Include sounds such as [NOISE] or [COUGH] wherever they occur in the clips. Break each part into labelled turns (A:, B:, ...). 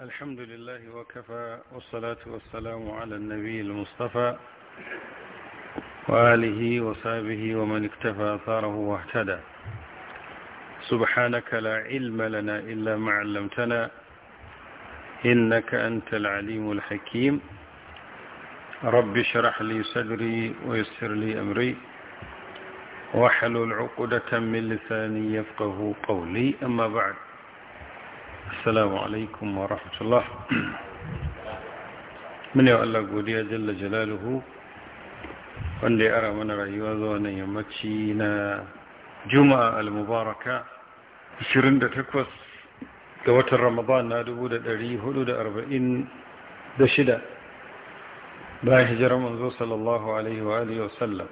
A: الحمد لله وكفى والصلاة والسلام على النبي المصطفى وآله وصحبه ومن اكتفى أثاره واهتدى سبحانك لا علم لنا إلا ما علمتنا إنك أنت العليم الحكيم رب شرح لي صدري ويسر لي أمري واحلل عقدة من لساني يفقه قولي أما بعد السلام عليكم ورحمة الله من يو الله قولي جل جلاله wanda ya ara mana rayuwa zuwa nan yammaci na juma'a al-mubaraka 28 ga watan ramadan na 1446 bayan hijirar manzo sallallahu alaihi wa alihi wasallam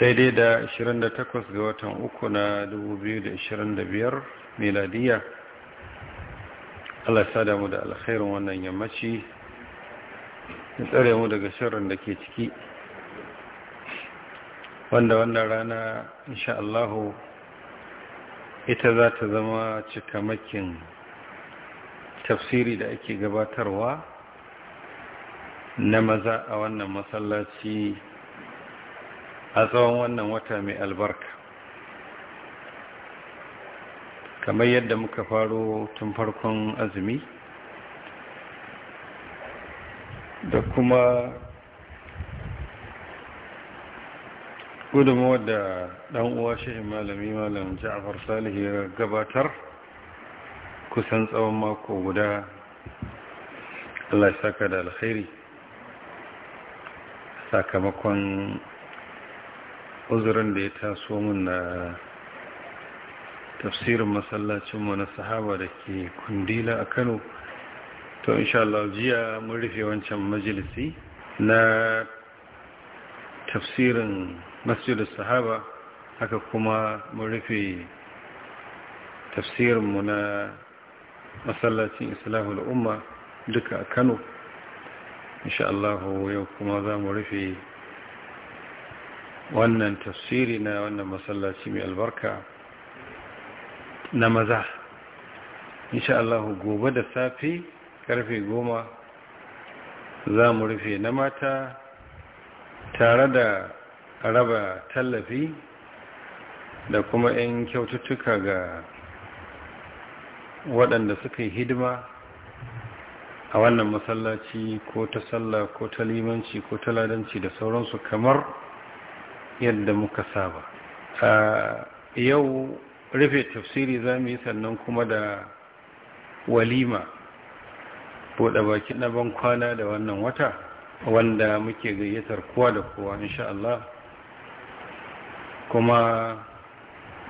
A: daidai da 28 ga watan uku na 2025 miladiya Allah ya sada mu da alkhairin wannan yammaci ya tsare mu daga shirin da ke ciki wanda wannan rana insha Allahu ita za ta zama cikamakin tafsiri da ake gabatarwa na maza a wannan masallaci a tsawon wannan wata mai albarka kamar yadda muka faro tun farkon azumi da kuma gudunmuwar da ɗan uwa shi malami malam ja'afar salihu ya gabatar kusan tsawon mako guda Allah saka da alkhairi sakamakon uzurin da ya taso mun na tafsirin masallacinmu na sahaba da ke kundila a kano to insha jiya mun rufe wancan majalisi na tafsirin masjid sahaba haka kuma mun rufe tafsirinmu na masallacin islahul umma duka a kano insha yau kuma za mu rufe wannan tafsiri na wannan masallaci mai albarka na maza insha Allah gobe da safe karfe goma za mu rufe na mata tare da raba tallafi da kuma 'yan kyaututtuka ga waɗanda suka yi hidima a wannan masallaci ko ta sallah ko ta limanci ko ta ladanci da sauransu kamar yadda muka saba A yau rufe tafsiri za mu yi sannan kuma da walima buɗe baki na ban kwana da wannan wata wanda muke gayyatar kowa da kowa insha Allah kuma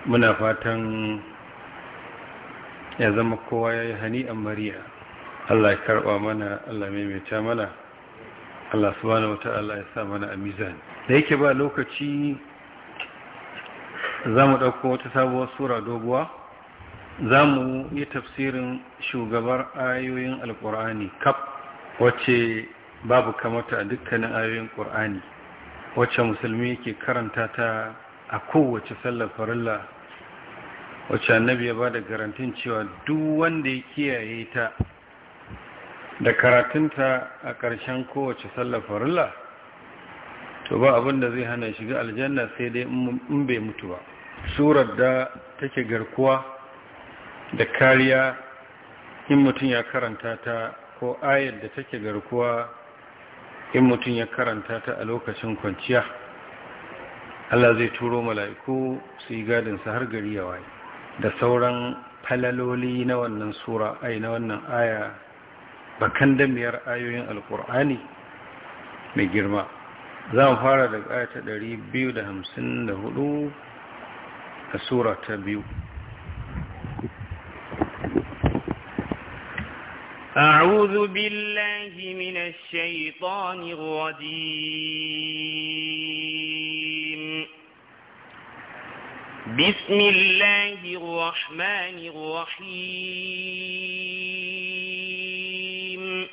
A: muna fatan ya zama kowa ya yi hani a mariya Allah ya karɓa mana Allah maimaita mana Allah subhanahu wa ta'ala ya sa mana a mizan da yake ba lokaci za mu ɗauko wata sabuwar sura doguwa za mu yi tafsirin shugabar ayoyin alkur'ani kaf wacce babu kamata a dukkanin ayoyin ƙur'ani wacce musulmi ke karanta ta a kowace sallar farilla wacce annabi ya ba da garantin cewa duk wanda ya kiyaye ta da karatunta a ƙarshen kowace sallar farilla to ba abin zai hana shiga aljanna sai dai in bai mutu ba surar da take garkuwa da kariya in mutum ya karanta ta ko ayar da take garkuwa in mutum ya karanta ta a lokacin kwanciya Allah zai turo mala'iku su yi gadinsa har gari ya waye da sauran falaloli na wannan sura ai na wannan aya bakan miyar ayoyin alkur'ani mai girma za mu fara daga aya ta 254 السورة تبيو
B: أعوذ بالله من الشيطان الرجيم بسم الله الرحمن الرحيم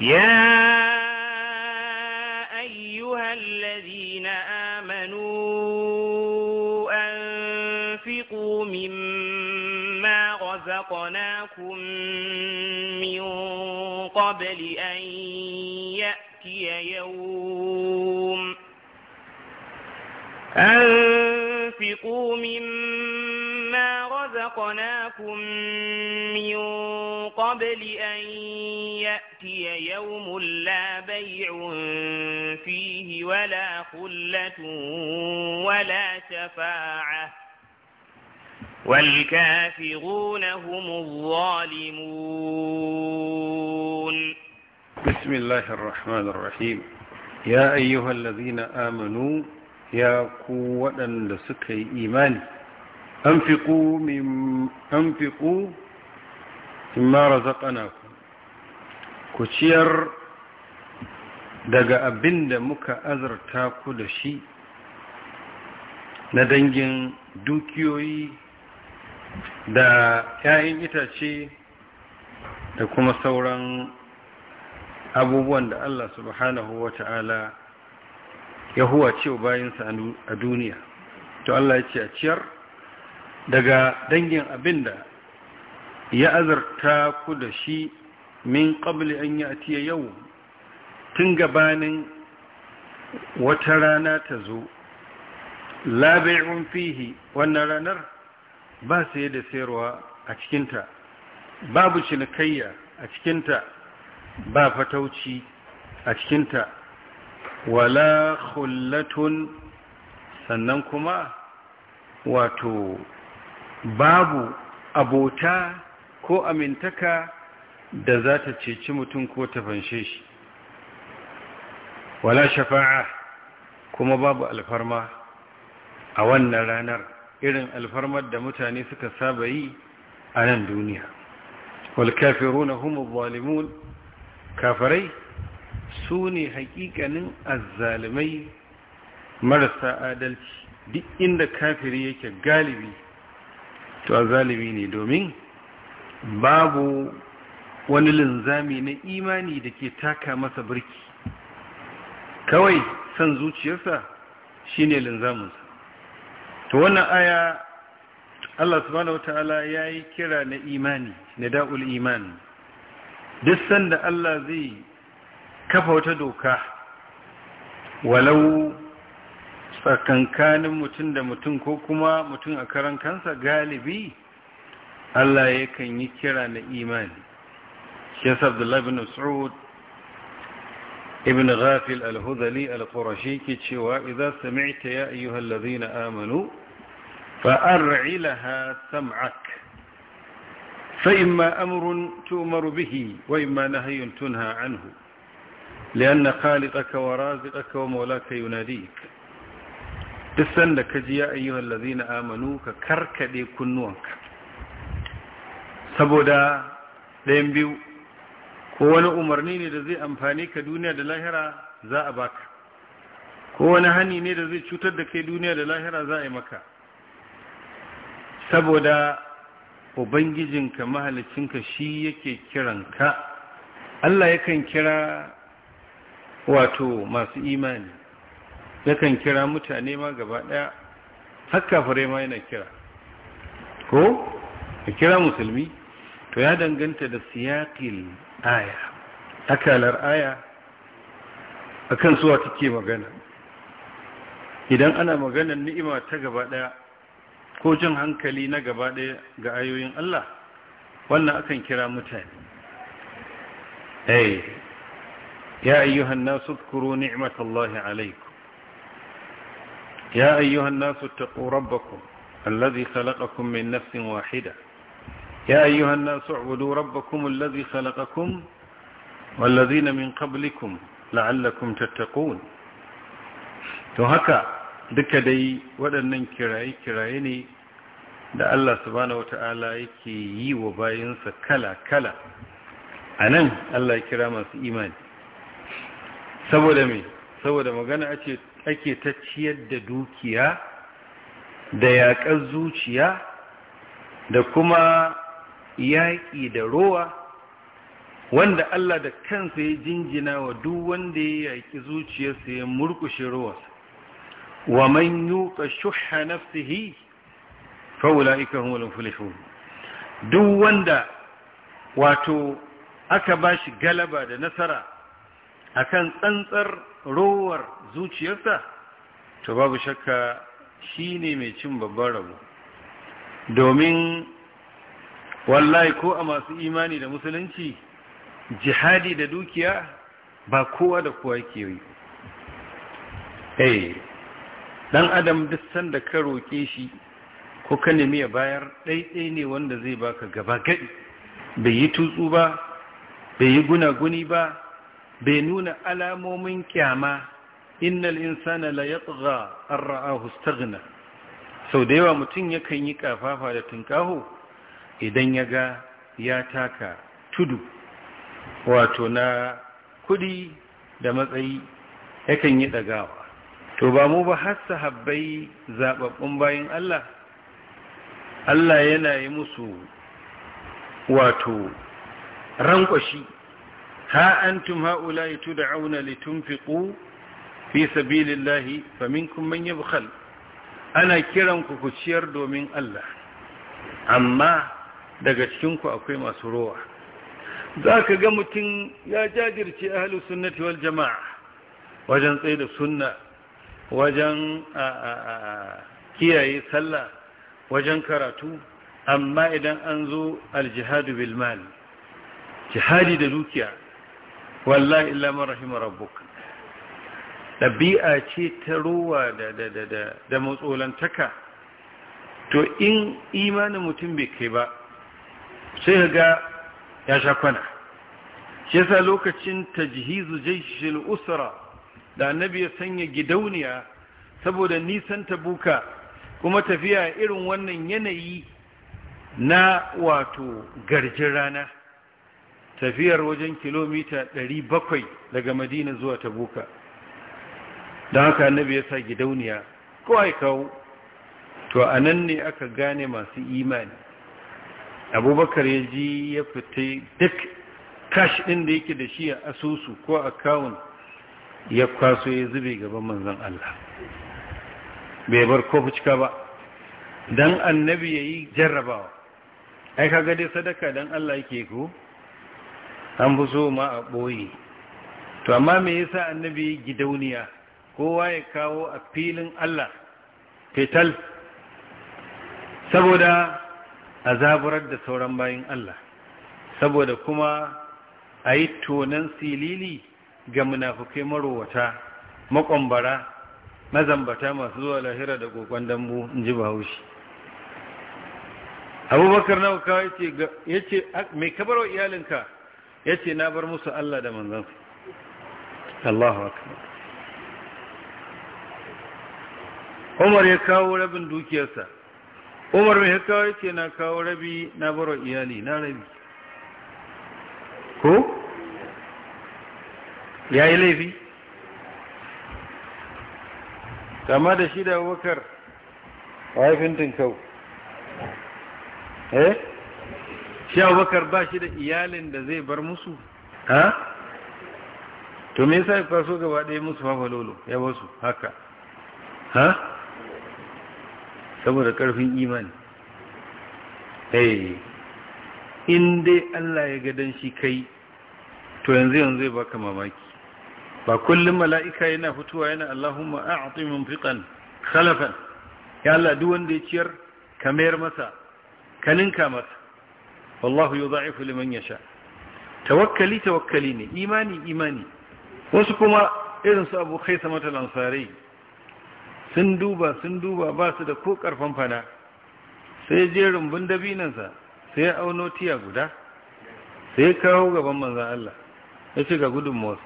B: يا أيها الذين آمنوا خلقناكم من قبل أن يأتي يوم
C: أنفقوا مما
B: رزقناكم من قبل أن يأتي يوم لا بيع فيه ولا خلة ولا شفاعة والكافرون هم الظالمون
A: بسم الله الرحمن الرحيم يا أيها الذين آمنوا يا قوة لسك إيمان أنفقوا, من أنفقوا مما رزقناكم كتير دقاء بند da muka azarta ندنجن دوكيوي da 'ya'yan itace da kuma sauran abubuwan da Allah subhanahu wa ta'ala ya huwa cewa bayansa a duniya to Allah ya ce a ciyar daga dangin abin da ya azarta ku da shi min ƙabli an yi a tiye yau tun gabanin wata rana ta zo labirin fihi wannan ranar ba yi da sayarwa a cikinta babu cinikayya a cikinta ba fatauci a cikinta wala khullatun sannan kuma wato babu abota ko amintaka da za ta ceci mutum ko ta fanshe shi wala shafa'a kuma babu alfarma a wannan ranar irin alfarmar da mutane suka saba yi a nan duniya walkafiru na zalimun kafirai su ne hakikanin azzalimai marasa adalci duk inda kafiri yake galibi to azzalimi ne domin babu wani linzami na imani da ke taka masa birki kawai san zuciyarsa shine linzaminsa to wannan aya Allah subhanahu wataala yayi kira na imani da'ul iman duk sanda Allah zai kafa wata doka walau tsakankanin mutum da mutum ko kuma mutum a karan kansa galibi Allah yakan yi kira na imani shi yasa Abdullah bin Mas'ud ابن غافل الهذلي القرشي كتشوا إذا سمعت يا أيها الذين آمنوا فأرعلها لها سمعك فإما أمر تؤمر به وإما نهي تنهى عنه لأن خالقك ورازقك ومولاك يناديك duk يا أيها الذين آمنوا ayyuhal كنوك سبدا لينبيو ko wani umarni ne da zai amfani ka duniya da lahira za a baka
B: ko wani hani
A: ne da zai cutar da kai duniya da lahira za a yi maka saboda ubangijinka mahalicinka shi yake kiranka Allah yakan kira wato masu imani yakan kira mutane ma gaba daya hakka fure ma yana kira ko ya kira musulmi to ya danganta da siyaqil aya akalar aya akan suwa take magana idan ana maganar ni'ima ta gaba daya ko jin hankali na gaba daya ga ayoyin Allah wannan akan kira mutane eh ya ayyuhan nasu kuru Allah alaikum ya ayyuhan nasu taqu alladhi khalaqakum min nafsin wahida يا أيها الناس اعبدوا ربكم الذي خلقكم والذين من قبلكم لعلكم تتقون تهكا duka dai waɗannan kiraye-kiraye ne da Allah subhanahu wata'ala yake yi wa bayansa kala-kala a nan Allah kira masu imani saboda me saboda magana ake ta ciyar da dukiya da yaƙar zuciya da kuma yaƙi da rowa wanda Allah da kansa ya jinjina wa duk wanda ya yaƙi zuciyarsa ya murƙushe rowarsa
C: wa man
A: yuqa shuhha nafsihi fa ulaika humul muflihun duk wanda wato aka bashi galaba da nasara akan tsantsar rowar zuciyarsa to babu shakka shine mai cin babban rabo domin wallahi ko a masu imani da musulunci jihadi da dukiya ba kowa da kowa ke yi eh dan adam duk sanda ka roke shi ko ka nemi ya bayar ɗaiɗai ne wanda zai baka gaba gadi bai yi tutsu ba bai yi guna-guni ba bai nuna alamomin kyama innal insana la yatgha ar ra'ahu istaghna sau da yawa mutum yakan yi kafafa da tunkaho idan ya ga ya taka tudu wato na kudi da matsayi yakan yi ɗagawa to ba mu ba har sahabbai zaɓaɓɓun bayan Allah Allah yana yi musu wato rankwashi ha antum haula tud'auna litunfiqu fi sabilillahi faminkum man yabkhal ana kiran ku ku ciyar domin Allah amma daga cikinku akwai masu rowa za ka ga mutum ya jajirce ahalus sunnati wal jama'a wajen tsaye da sunna wajen kiyaye sallah wajen karatu amma idan an zo aljihadu bil jihadi da dukiya wallahi illa man rahima rabbuk Ɗabi'a ce ta rowa da da da to in imanin mutum bai kai ba sai ga ya sha kwana shi yasa lokacin tajhizu jaishil usra da annabi ya sanya gidauniya saboda nisan tabuka kuma tafiya irin wannan yanayi na wato garjin rana tafiyar wajen kilomita 700 daga madina zuwa tabuka don haka annabi ya sa gidauniya kawai kawo to a nan ne aka gane masu imani abubakar ya ji ya fita duk kash ɗin da yake da shi a asusu ko akawun ya kwaso ya zube gaban manzan Allah bai bar ko cika ba don annabi ya yi jarrabawa ai ka gade sadaka don Allah yake ku. an fi so ma a ɓoye to amma me yasa annabi gidauniya kowa ya kawo a filin Allah fetal
B: saboda
A: a zaburar da sauran bayin Allah saboda kuma a yi tonon silili ga munafukai marowata makwambara mazambata masu zuwa lahira da kokon dambu in ji bahaushe abubakar na kawai ya ce mai wa iyalinka ya ce na bar musu Allah da manzansu Allahu akbar Umar ya kawo rabin dukiyarsa umar mai kawo yake na kawo rabi na baro iyali na rabi ko ya yi laifi kama da shi da wakar haifin tinkau eh shi abubakar ba shi da iyalin da zai bar musu ha to me sa ya kwaso gaba ɗaya musu mafalolo lolo ya wasu haka ha saboda ƙarfin imani e, in dai Allah ya gadan shi kai to yanzu yanzu ya baka mamaki ba kullum mala'ika yana fitowa yana Allahumma a'ti munfiqan khalafan ya Allah duk wanda ya ciyar ka mayar masa ka ninka masa wallahu yudha'ifu liman sha. tawakkali tawakkali ne imani imani wasu kuma irin su Abu Khaisama al-Ansari sun duba sun duba ba su da ko karfan fada sai je rumbun dabinansa sai auno tiya guda sai kawo gaban manzan Allah ya ce ga gudun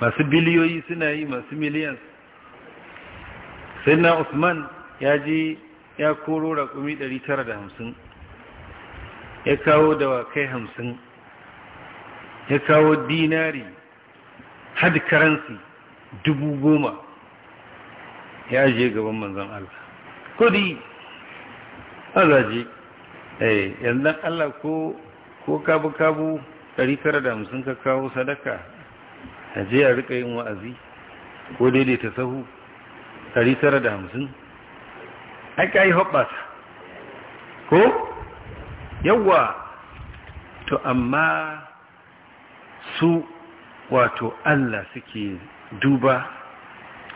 A: masu biliyoyi suna yi masu miliyan sai na usman ya je ya koro raƙumi 950 ya kawo dawakai 50 ya kawo dinari had karansi dubu goma ya je gaban manzon Allah kudi azaji eh yanzu Allah ko ko kabu kabu 950 ka kawo sadaka aje a rika yin wa'azi ko ta sahu 950 ai kai hobbata ko yawa to amma su wato Allah suke duba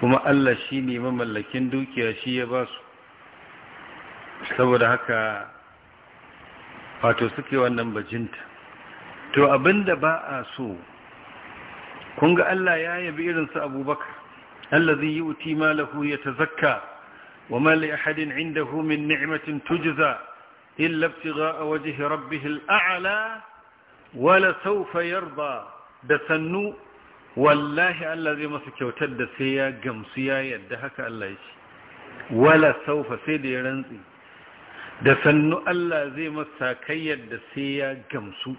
A: kuma Allah shi ne mamallakin dukiya shi ya ba su saboda haka wato suke wannan bajinta to abinda ba a so kun ga Allah ya yabi irinsu abubakar Allah zai yi uti malahu Zakka. wa ma li ahadin indahu min ni'matin tujza illa a waje rabbihil a'ala wala sawfa yarda da sannu wallahi Allah zai masa kyautar da sai ya gamsu ya yadda haka Allah ya
C: ce wala
A: saufa sai da ya rantsi da sannu Allah zai masa kai yadda sai ya gamsu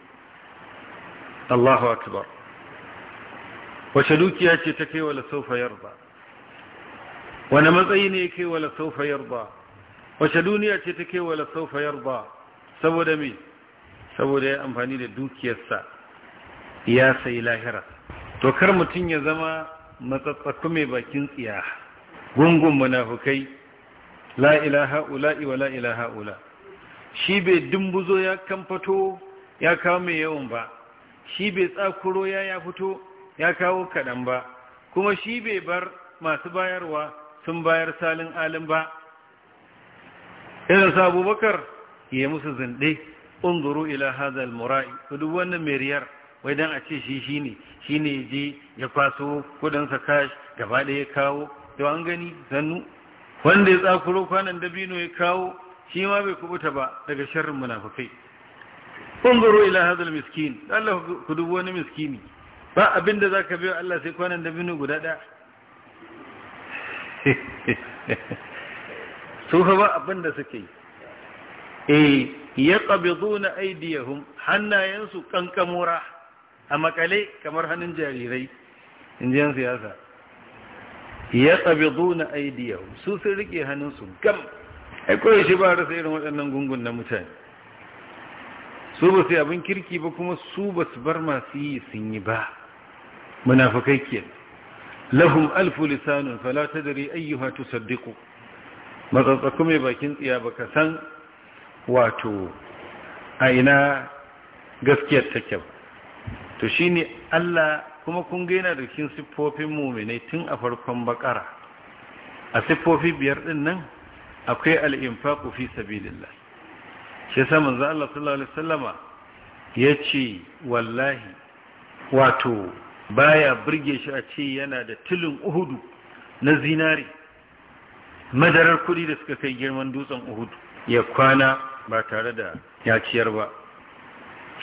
A: Allahu akbar wace dukiya ce ta kai wala saufa yarda wani matsayi ne ya kai wala saufa yarda wace duniya ce ta kai wala saufa yarda saboda me saboda ya amfani da dukiyarsa ya sai lahirarsa to kar mutum ya zama matsatsaku mai bakin tsiya gungun munafukai la ilaha ula wa la ilaha ula shi bai dumbuzo ya kamfato ya kawo mai yawan ba shi bai tsakuro ya ya fito ya kawo kaɗan ba kuma shi bai bar masu bayarwa sun bayar salin alin ba irin sabu bakar ya musu zinde unzuru ila hazal mura'i duk wannan meriyar wai dan a ce shi ne, shi ne ya je ya kwaso kudin kash gaba ɗaya ya kawo to an gani sannu wanda ya tsakuro kwanan dabino ya kawo shi ma bai kubuta ba daga sharrin munafukai unzuru ila hadal miskin Allah ku dubo wani miskini ba abinda zaka biyo Allah sai kwanan dabino guda ɗaya. [LAUGHS] su fa ba abinda suke eh yaqbiduna aydiyahum hannayensu kankamura a makale kamar hannun jarirai indiyan siyasa ya tsabizu na aidiyahu su sun rike hannunsu gam a kawai shi ba rasa irin waɗannan gungun na mutane su ba su yi abin kirki ba kuma su ba su bar masu yi sun yi ba munafakai ke lahum alfu lisanun fala tadri ayyuha Matsatsa matsatsaku mai bakin tsiya ka san wato a ina gaskiyar take ba to shine Allah kuma kun gina yana da cikin siffofin mu'minai tun a farkon bakara a siffofi biyar din nan akwai al ku fi sabilillah shi yasa manzo Allah sallallahu alaihi wasallama yace wallahi wato baya burge shi a ce yana da tilin uhudu na zinari madarar kudi da suka kai girman dutsen uhudu ya kwana ba tare da yaciyar ba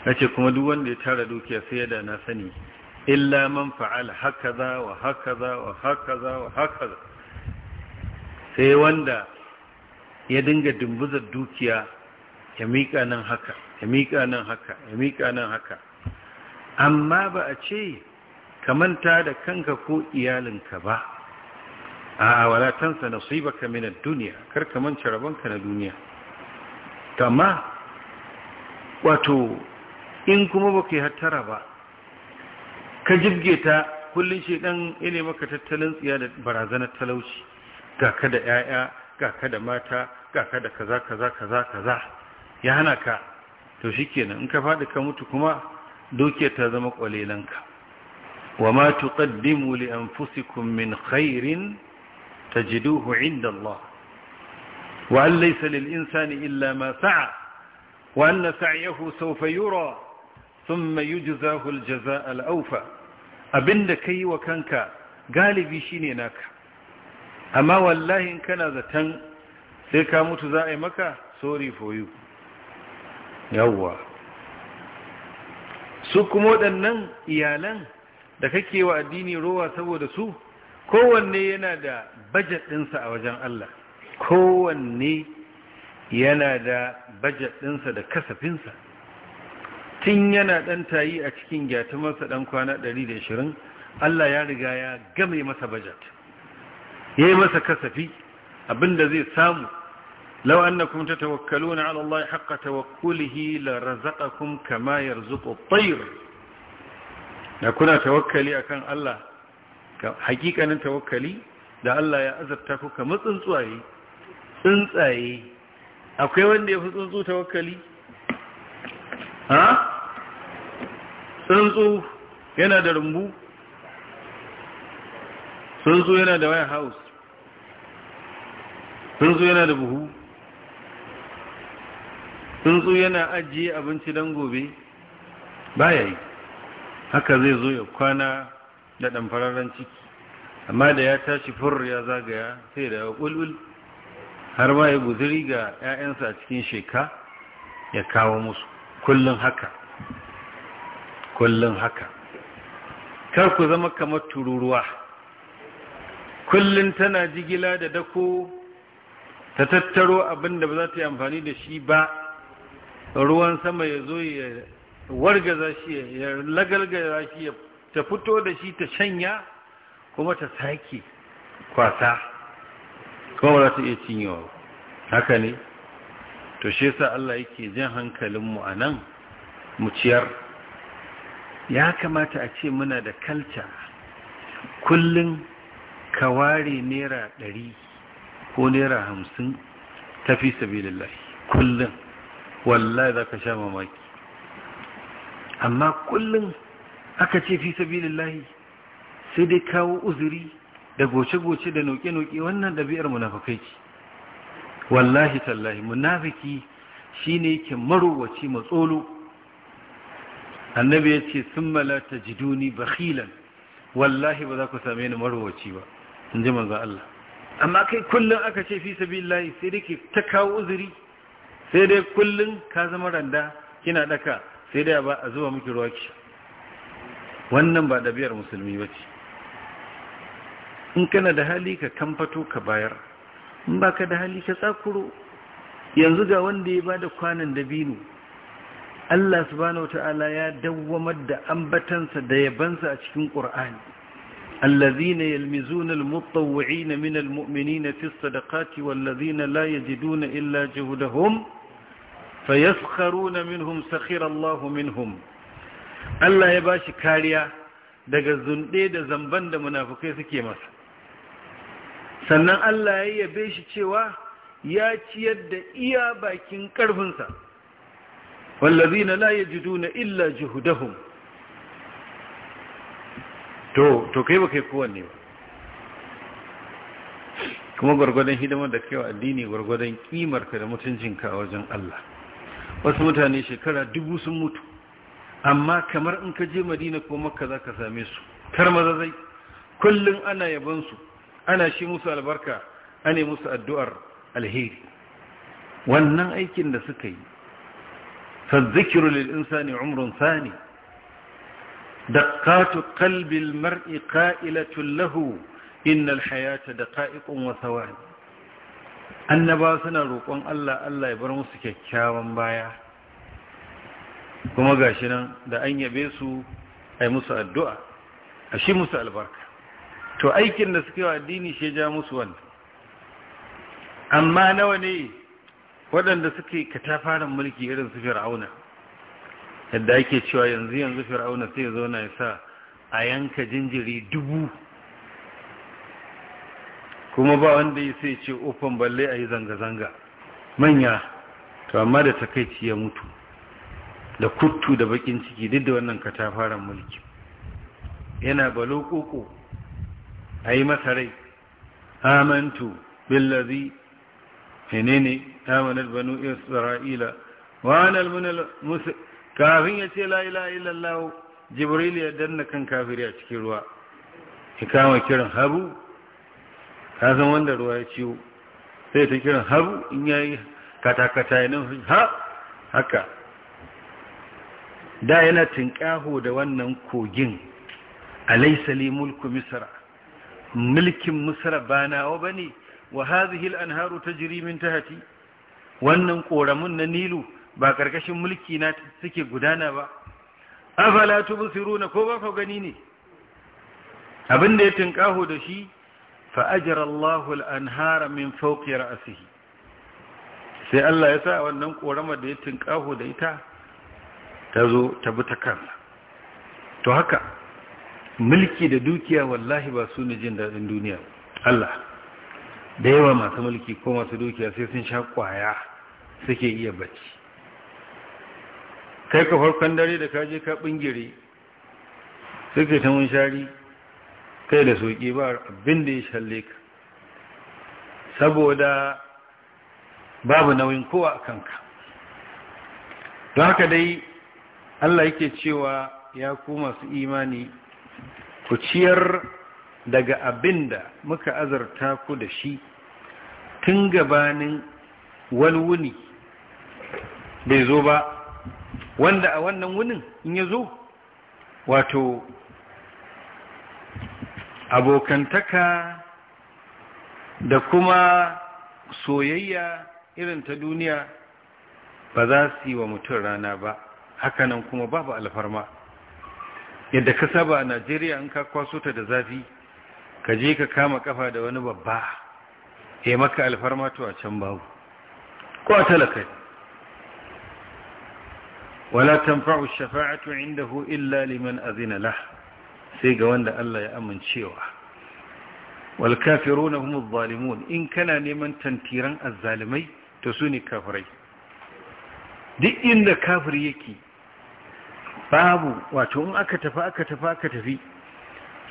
A: nace kuma duk wanda ya tara dukiya sai da na sani illa man fa'al hakaza wa hakaza wa hakaza wa hakaza sai wanda ya dinga dumbuzar dukiya ya miƙa nan haka ya miƙa nan haka ya miƙa nan haka amma ba a ce ka manta da kanka ko iyalinka ba a wala tansa nasibaka min ad-dunya kar ka manta rabanka na duniya kama wato in kuma ba ka yi hattara ba ka jibge ta kullum shaidan ya maka tattalin tsiya da barazanar talauci ga ka da 'ya'ya ga ka da mata ga ka da kaza kaza kaza kaza ya hana ka to shikenan in ka faɗi ka mutu kuma doke ta zama kwalelanka wa ma tuqaddimu li anfusikum min khairin tajiduhu 'inda Allah wa an laysa lil insani illa ma sa'a wa anna sa'yahu sawfa yura thumma yujzahu aljaza alawfa abinda kai wa kanka galibi shine naka amma wallahi in kana zaton sai ka mutu za a yi maka sorry for you yawwa su kuma waɗannan iyalan da kake wa addini rowa saboda su kowanne yana da bajet ɗinsa a wajen Allah kowanne yana da bajet ɗinsa da kasafinsa tun yana ɗan tayi a cikin gyatumarsa ɗan kwana 120 Allah ya riga ya game masa bajat ya yi masa kasafi abinda zai samu lau annakum tatawakkaluna ala Allah haqqa tawakkulihi la razaqakum kama yarzuqu at-tayr da kuna tawakkali akan Allah hakikanin tawakkali da Allah ya azabta ku kamar tsuntsaye tsuntsaye akwai wanda ya fi tsuntsu tawakkali ha tsuntsu yana da rumbu tsuntsu yana da house tsuntsu yana da buhu tsuntsu yana ajiye abinci don gobe ya yi haka zai zo ya kwana da ɗanfararren ciki amma da ya tashi fur ya zagaya sai da ya har ma ya guziri ga 'ya'yansa cikin sheka ya kawo musu kullum haka kullum haka kar ku zama kamar tururuwa kullum tana jigila da dako ta tattaro abin da ba za ta yi amfani da shi ba ruwan sama ya zo ya wargaza shi ya lagalgaza shi ta fito da shi ta shanya kuma ta sake kwasa kuma ba za ta iya cinyewa haka ne to shi sa Allah yake jan hankalinmu a nan mu ciyar ya kamata a ce muna da kalca kullum ka ware naira ɗari ko naira hamsin tafi sabilillahi kullum wallahi za ka sha mamaki amma kullum aka ce fi sabilillahi sai dai kawo uzuri da goce-goce da noke-noke wannan ɗabi'ar munafakai ce wallahi tallahi munafiki ne yake marowaci matsolo annabi ya ce sun malata jiduni bakilan wallahi ba za ku same ni marwaci ba in ji manzan Allah amma kai kullum aka ce fi sabi sai da ke ta kawo uzuri sai dai kullum ka zama randa kina daka sai dai ba a zuba miki ruwa ki wannan ba dabiyar musulmi ba ce in kana da hali ka kamfato ka bayar in ba ka da hali ka tsakuro yanzu ga wanda ya ba da kwanan dabino Allah subhanahu wata'ala ya dawwamar da ambatansa da yabansa a cikin Qur'ani allazina yalmizuna almutawwi'ina min almu'minina fi as-sadaqati wallazina la yajiduna illa juhdahum fayaskharuna minhum sakhira Allah minhum Allah ya bashi kariya daga zunɗe da zamban da munafikai suke masa sannan Allah ya yabe shi cewa ya ciyar da iya bakin karfinsa wallazina la yajiduna illa juhudahum to to kai ba kai kowanne ba kuma gwargwadon hidimar da kewa addini gwargwadon ƙimarka da mutuncinka a wajen Allah wasu mutane shekara dubu sun mutu amma kamar in ka je madina ko makka za ka same su kar mazazai kullum ana yabansu ana shi musu albarka ana musu addu'ar alheri wannan aikin da suka yi فالذكر للإنسان عمر ثاني دقات قلب المرء قائلة له إن الحياة دقائق وثواني annaba suna roƙon Allah Allah ya bar musu kyakkyawan baya kuma gashi nan da an yabe su ai musu addu'a a shi musu albarka to aikin da suke wa addini shi ja musu wannan amma nawa ne waɗanda suke katafaren mulki irin su fir'auna yadda ake cewa yanzu yanzu fir'auna sai zo na sa a yanka jinjiri dubu kuma ba wanda ya sai ce ofan balle a yi zanga-zanga manya to amma da takaici ya mutu da kuttu da bakin ciki duk da wannan katafaren mulki yana balo koko a yi masa rai billazi menene amanat banu isra'ila wa anal mun kafin ya ce la ilaha illallah jibril ya danna kan kafiri a cikin ruwa ya kama kiran habu ka san wanda ruwa ya ciwo sai ta kiran habu in yayi katakata yana ha haka da yana tinkaho da wannan kogin alaysa li mulku misra mulkin misra bana wa bani wa hadhihi al-anharu tajri min tahti wannan ƙoramin na nilu ba ƙarƙashin mulki na suke gudana ba afala tubsiruna ko ba ka gani ne Abin da ya tinkaho da shi fa Allah Allahu al min fauƙiyar asihi sai Allah ya sa wannan ƙoramar da ya tunƙaho da ita ta zo ta bi ta kansa to haka mulki da dukiya wallahi ba su ne jin daɗin duniya Allah da yawa masu mulki ko masu dukiya sai sun sha kwaya suke iya bacci kai ka farkon dare da kaje ka bingire suke ta munshari kai da soki ba abin da ya shalle ka saboda babu nauyin kowa a kanka don haka dai Allah yake cewa ya ku masu imani ku ciyar daga abinda muka azarta ku da shi tun gabanin walwuni bai zo ba wanda a wannan wunin in ya zo wato abokantaka da kuma soyayya irin ta duniya ba za su yi wa mutum rana ba hakanan kuma babu alfarma yadda ka saba a najeriya in ka kwaso ta da zafi ka je ka kama kafa da wani babba ya maka alfarma a can babu ko a talakai wala tanfa'u shafa'atu indahu illa liman azina lah sai ga wanda Allah ya amincewa wal kafiruna hum adh-dhalimun in kana neman tantiran azzalimai to su ne kafirai duk inda kafir yake babu wato in aka tafi aka tafi aka tafi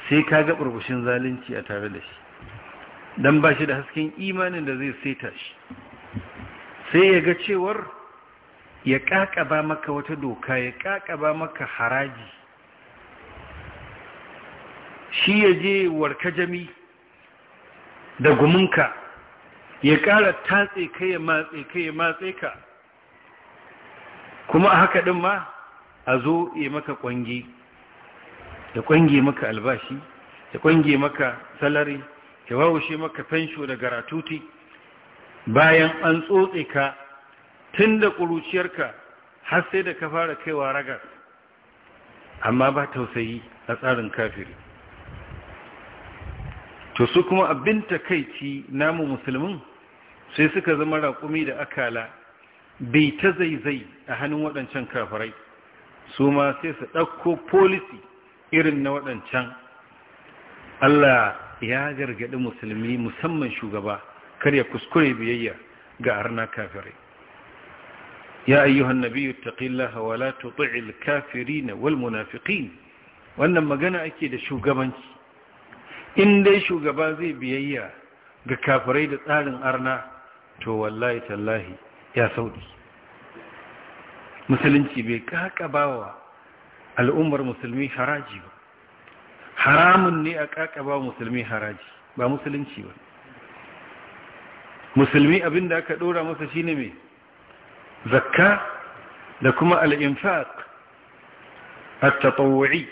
A: sai ka ga burbushin zalunci a tare da shi dan ba shi da hasken imanin da zai saita shi sai ya ga cewar ya ƙaƙaba maka wata doka ya ƙaƙaba maka haraji shi ya je warka jami
C: da guminka
A: ya ƙara tatse kai ya matse kai ya matse ka kuma a haka din ma a zo ya maka ƙwange. ya kwange maka albashi ya kwange maka salari ya wawushe maka fensho da garatuti bayan an tsotse ka tun da ƙuruciyarka har sai da ka fara kaiwa raga amma ba tausayi a tsarin kafiri to su kuma abin takaici namu musulmin sai suka zama raƙumi da akala bai ta zaizai a hannun waɗancan kafirai su ma sai su ɗauko polisi irin na waɗancan Allah ya gargaɗi musulmi musamman shugaba karya kuskure biyayya ga arna kafirai ya ayyuhan nabiyyu taqillaha wa la tuti'il kafirin wal munafiqin wannan magana ake da shugabanci in dai shugaba zai biyayya ga kafirai da tsarin arna to wallahi tallahi ya saudi musulunci bai bawa. al'ummar musulmi haraji ba haramun ne a ba musulmi haraji ba musulunci ba musulmi abin da aka ɗora masa shi ne mai zakka da kuma al'infaq a al-tattawari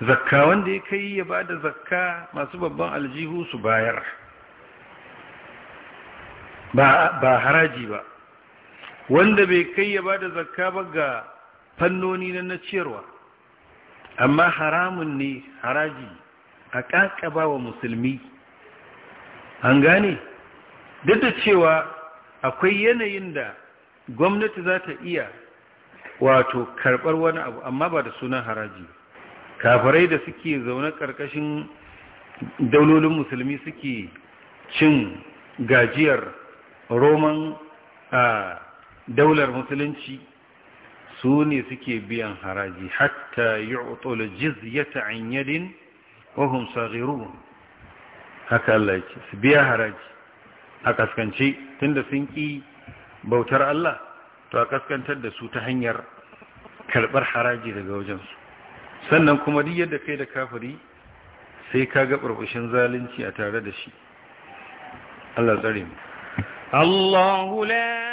A: zakka wanda ya kai ya ba da zakka masu babban aljihu su bayar ba haraji ba wanda bai kai ya da zakka ba ga fannoni na ciyarwa amma haramun ne haraji a ƙaƙaba wa musulmi an gane duk da cewa akwai yanayin da gwamnati za ta iya wato karɓar wani abu amma ba da sunan haraji Kafarai da suke zaune ƙarƙashin daulolin musulmi suke cin gajiyar roman a daular musulunci su ne suke biyan haraji hatta yi otola jizyata an yadin haka Allah ce su biya haraji a kaskance tunda sun ƙi bautar Allah to a kaskantar da su ta hanyar karɓar haraji daga wajensu sannan kuma duk yadda kai da kafiri sai ka ga burbushin zalunci a tare da shi Allah tsare mu Allahu
B: la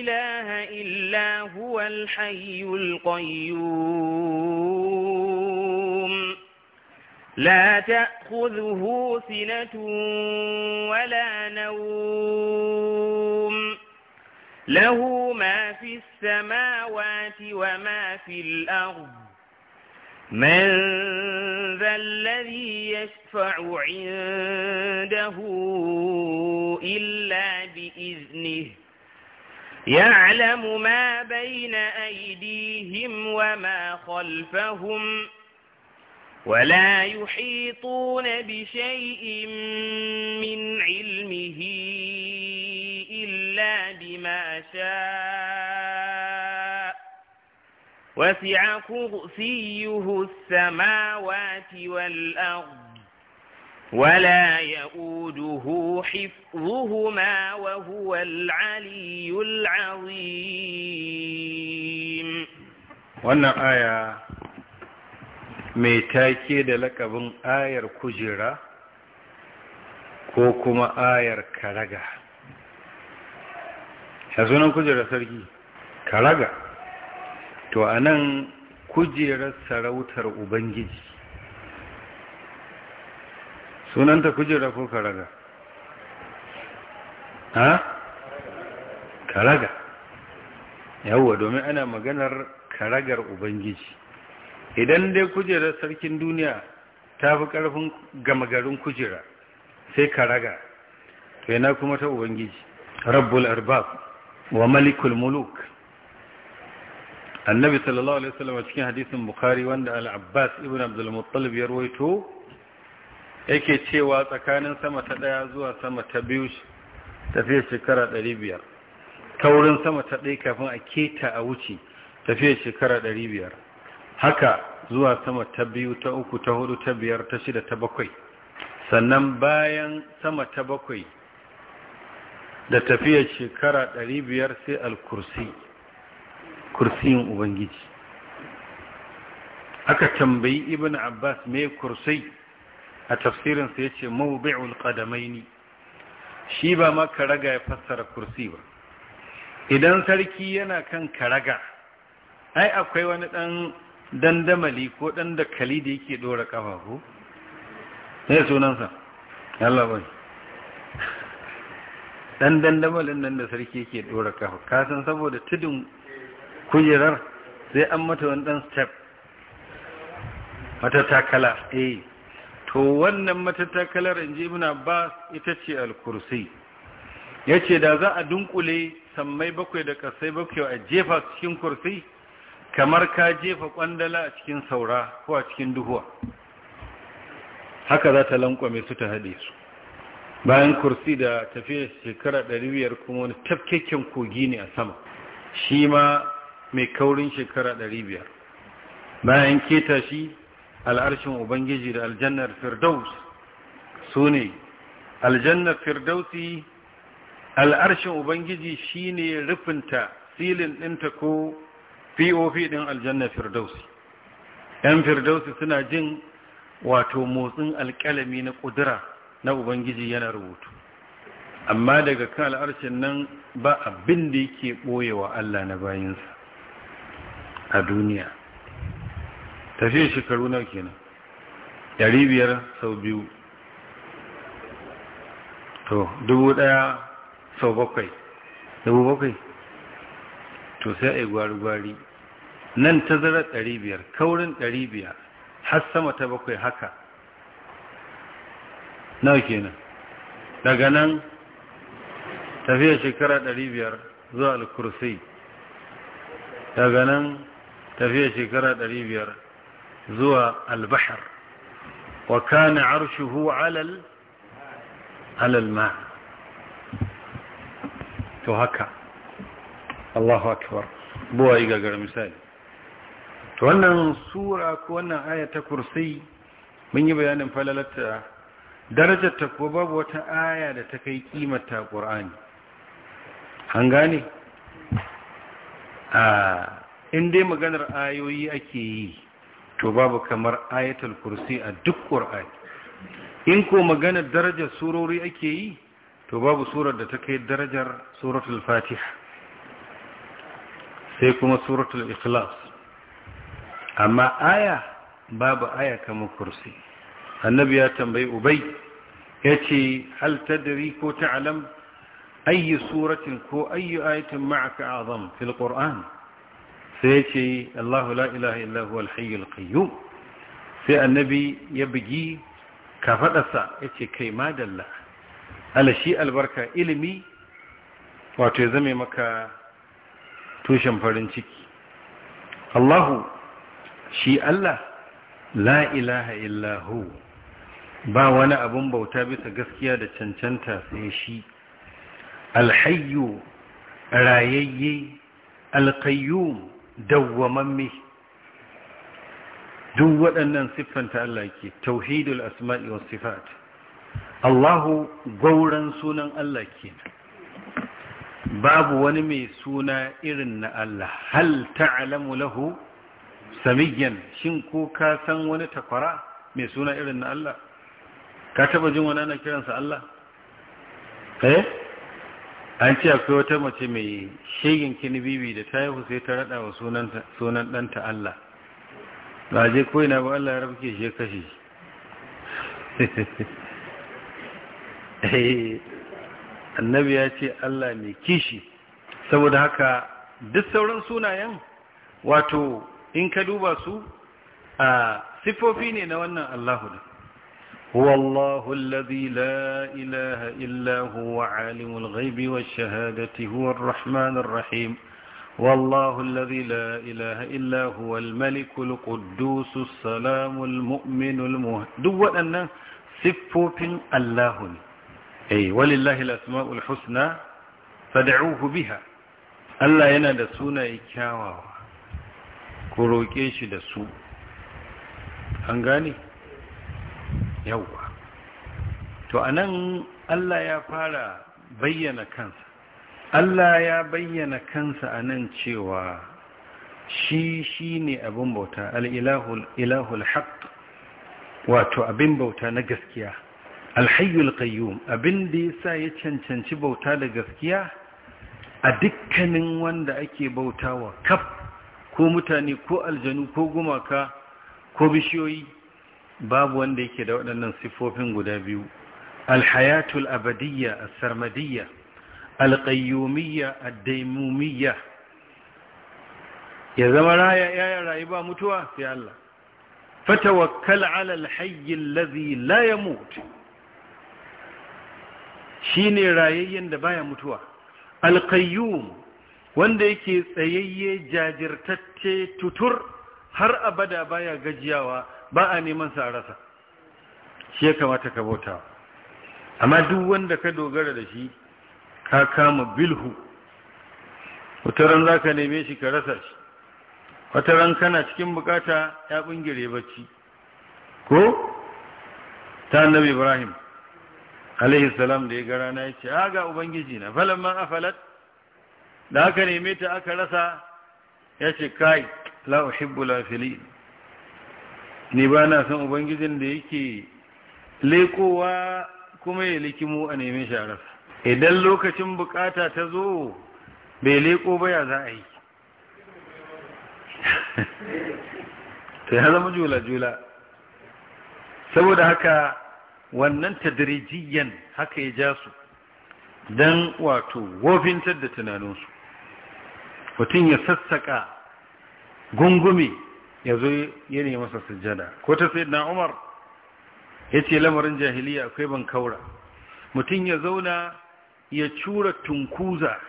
B: إله إلا هو الحي القيوم لا تأخذه سنة ولا نوم له ما في السماوات وما في الأرض من ذا الذي يشفع عنده
A: إلا بإذنه يعلم
B: ما بين أيديهم وما خلفهم ولا يحيطون بشيء من علمه إلا بما شاء وسع كرسيه السماوات والأرض ولا يؤوده حفظهما وهو العلي العظيم
A: wannan aya mai take da lakabin ayar kujera ko kuma ayar karaga a sunan kujerar sarki karaga to anan kujerar sarautar ubangiji sunanta kujera ko karaga ha karaga yawwa domin ana maganar karagar ubangiji idan dai kujerar sarkin duniya ta fi ƙarfin garin kujera sai karaga to yana kuma ta ubangiji rabbul arbab wa malikul muluk annabi sallallahu alaihi wasallam cikin hadisin bukhari wanda al-abbas ibn abdul muttalib ya yake cewa tsakanin sama ta ɗaya zuwa sama ta biyu tafiyar shekara ɗari biyar ta wurin sama ta ɗaya kafin a keta a wuce tafiyar shekara ɗari biyar haka zuwa sama ta biyu ta uku ta hudu ta biyar ta shida ta bakwai sannan bayan sama ta bakwai da tafiyar shekara ɗari biyar sai alkursi kursiyin ubangiji aka tambayi ibn abbas mai kursai a tafsirinsa ya ce mawubi'ul ƙadamaini shi ba ma karaga ya fassara kursi ba idan sarki yana kan karaga ai akwai wani ɗan dandamali ko ɗan dakali da yake ɗora ƙafa ko ne sunansa Allah bai ɗan dandamalin nan da sarki yake ɗora ƙafa kasan saboda tudun kujerar sai an mata wani ɗan step wata takala eh to wannan matattakalar in ji ibn abbas ita ce al-kursi yace da za a dunkule sammai bakwai da kasai bakwai a jefa cikin kursi kamar ka jefa kwandala a cikin saura ko a cikin duhuwa haka za ta lankwame su ta haɗe su bayan kursi da tafiya shekara ɗari biyar kuma wani tafkekken kogi ne a sama shi ma mai kaurin shekara ɗari biyar bayan keta shi al'arshin ubangiji da aljannar firdaus su ne aljannar firdausi al'arshin ubangiji shine rufinta silin ɗinta ko pop ɗin aljannar firdausi ‘yan firdausi suna jin wato motsin alƙalami na ƙudura na ubangiji yana rubutu amma daga kan al'arshin nan ba abin da yake ɓoyewa Allah na bayinsa a duniya tafiya shekaru ke kenan ɗari biyar sau biyu to dubu ɗaya sau bakwai dubu bakwai to sai a yi gwari-gwari nan tazarar ɗari biyar kaurin ɗari biyar har sama ta bakwai haka ke kenan daga nan tafiya shekara ɗari biyar zuwa alkursai daga nan tafiya shekara ɗari biyar zuwa albahar wa kana arshuhu alal alal ma to haka Allahu akbar buwayi gagara misali wannan sura ko wannan aya ta kursai mun yi bayanin falalata darajar ta ko babu wata aya da ta kai kimata qur'ani an gane in dai maganar ayoyi ake yi to babu kamar ayatul kursi a duk ƙur'ani in ko magana darajar surori ake yi to babu surar da ta kai darajar suratul fatiha sai kuma suratul ikhlas amma aya babu aya kamar kursi annabi ya tambayi ubai ya ce hal dari ko ta alam ayyi suratin ko ayyu ayatin ma'aka azam fil ƙur'an. sai ya ce Allahu la ilaha illahu alhayyu sai annabi ya bugi kafadarsa yace kai madalla alashi shi albarka ilimi wato ya zame maka tushen farin ciki Allahu shi Allah la ilaha illahu ba wani abun bauta bisa gaskiya da cancanta sai shi alhayyu rayayye alqayyum dawwamamme duk waɗannan siffanta Allah ke tauhidul asma'i was sifat Allahu gauran sunan Allah ke babu wani mai suna irin na Allah hal ta'lamu lahu samiyyan shin ko ka san wani takwara mai suna irin na Allah ka taba jin wani ana kiransa Allah eh an ce akwai wata mace mai shegin kinibibi da ta haihu sai ta rada wa sunan ɗanta Allah ba je ko ina ba Allah ya rafke shi kashe [LAUGHS] eh, annabi ya ce Allah mai kishi saboda haka duk sauran sunayen wato in ka duba su a sifofi ne na wannan Allahu da هو الله الذي لا إله إلا هو عالم الغيب والشهادة هو الرحمن الرحيم والله الذي لا إله إلا هو الملك القدوس السلام المؤمن المهد دو أن سفوفين الله
C: أي ولله
A: الأسماء الحسنى فدعوه بها Allah yana da sunaye kyawawa, ku roƙe shi da su, an gane? yauwa to a nan Allah ya fara bayyana kansa Allah ya bayyana kansa a nan cewa shi shi ne abin bauta al'ilahul haq wato abin bauta na gaskiya alhayyul qayyum abin da ya sa ya cancanci bauta da gaskiya a dukkanin wanda ake bautawa kaf ko mutane ko aljanu ko gumaka ko bishiyoyi babu wanda yake da waɗannan siffofin guda biyu alhayatul abadiyya a sarmadiyya alqayyumiyya a daimumiyya ya zama raya yayin rayuwa mutuwa sai Allah fatawakkal ala alhayy alladhi la yamut shine rayayyen da baya mutuwa alqayyum wanda yake tsayayye jajirtacce tutur har abada baya gajiyawa ba a neman sa a rasa shi ya kamata ka bauta amma duk wanda ka dogara da shi ka kama bilhu wataran za ka neme shi ka rasa shi wataran kana cikin bukata ya bungire bacci ko ta annabi ibrahim alaihi salam da ya gara na ya ce a ubangiji na falamman afalat da aka neme ta aka rasa ya ce kai la'ushibbu ni ba na san ubangijin da yake lekowa kuma ya likimo a neman sharaf idan lokacin bukata ta zo bai leko ba ya za a yi ta ya zama jula-jula saboda haka wannan tadirijiyan haka ya ja su don wato wofintar da tunaninsu mutum ya sassaka gungume ya zo ya nemi masa sujjada ko ta sai na umar ya ce lamarin jahiliya akwai ban kaura mutum ya zauna ya cura tunkuza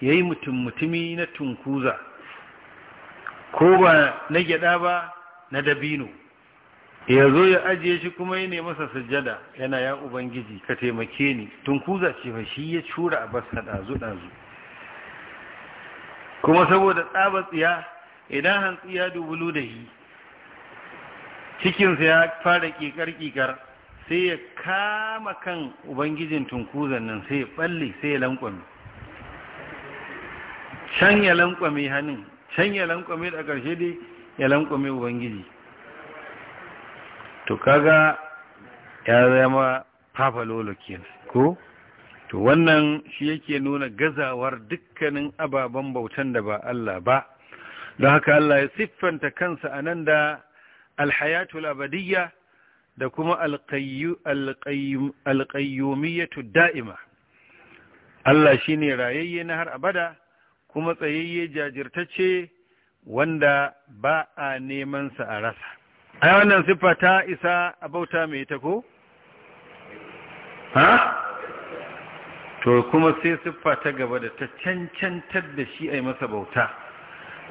A: ya yi mutum mutumi na tunkuza ko ba na gyada ba na dabino ya zo ya ajiye shi kuma ya nemi masa sujjada yana ya ubangiji ka taimake ni tunkuza ce fa shi ya cura a basa ɗazu-ɗazu kuma saboda tsabatsiya idan hantsi ya dubulu da shi cikinsa ya fara kikar-kikar sai ya kama kan ubangijin tunkuzan nan sai ya balle sai ya lankwame can ya lankwame hannun can ya lankwame da ƙarshe dai ya lankwame ubangiji to kaga ya zama fafalolo ko to wannan shi yake nuna gazawar dukkanin ababen bautan da ba Allah ba don haka Allah ya siffanta kansa a nan da alhayatul abadiyya da kuma alƙayyumiyyatu da'ima Allah shi ne rayayye na har abada kuma tsayayye jajirtacce wanda ba a nemansa a rasa
C: ai wannan siffa
A: ta isa a bauta mai ta ha? to kuma sai siffa ta gaba da ta cancantar da shi a yi masa bauta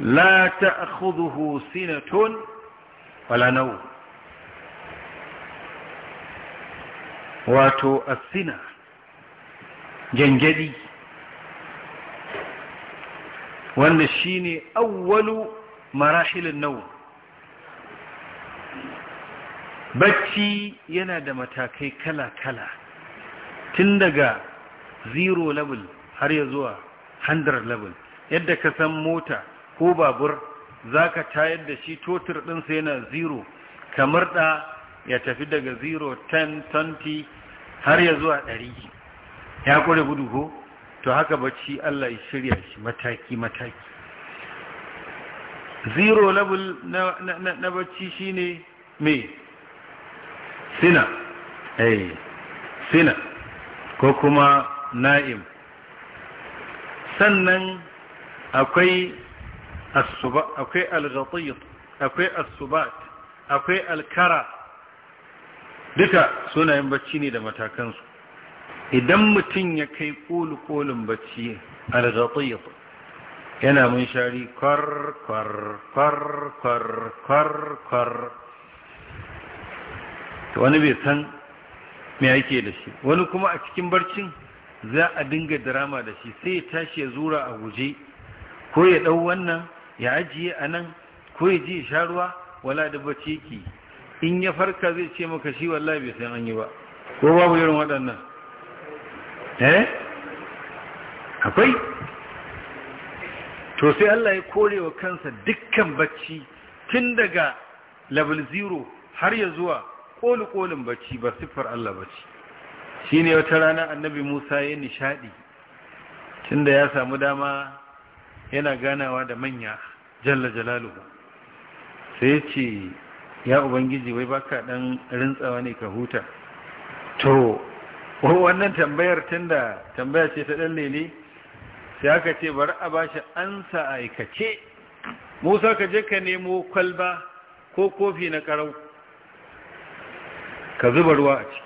A: la ta'khudhuhu sinatun wala nawm wato asina jangadi wanda shine Auwalu marahilin nau bacci yana da matakai kala-kala tun daga zero level har ya zuwa 100 level yadda ka san mota ko babur za ka tayar da shi totur ɗinsa yana zero kamar ɗa ya tafi daga zero ten twenty har ya zuwa ɗari ya ƙure gudu ko to haka bacci Allah ya shirya shi mataki-mataki zero level na, bacci shi ne me sina hey, eh, sina ko kuma na'im sannan akwai akwai al-ghatid akwai as akwai al duka sunayen bacci ne da matakansu idan mutum ya kai kolu-kolun bacci al-ghatid yana mun shari kwar kwar kwar kwar kwar kwar wani bai san me ake da shi wani kuma a cikin barcin za a dinga drama da shi sai ya tashi ya zura a guje ko ya ɗau wannan ya ajiye a nan ko ya ji sha ruwa wala da bacci ki. in ya farka zai ce maka shi wala bai san an yi ba ko babu irin waɗannan eh akwai to sai Allah ya kore wa kansa dukkan bacci tun daga level 0 har ya zuwa koli-kolin bacci ba siffar Allah bacci shine wata rana annabi Musa ya nishadi tunda ya samu dama yana ganawa da manya jalla jalalu sai ya ce ya ubangiji wai baka dan rintsawa ne ka huta to wannan tambayar tunda tambaya ce ta dan lele sai aka ce bari a bashi ansa aikace musa ka je ka nemo kwalba ko kofi na karau ka zuba ruwa a ciki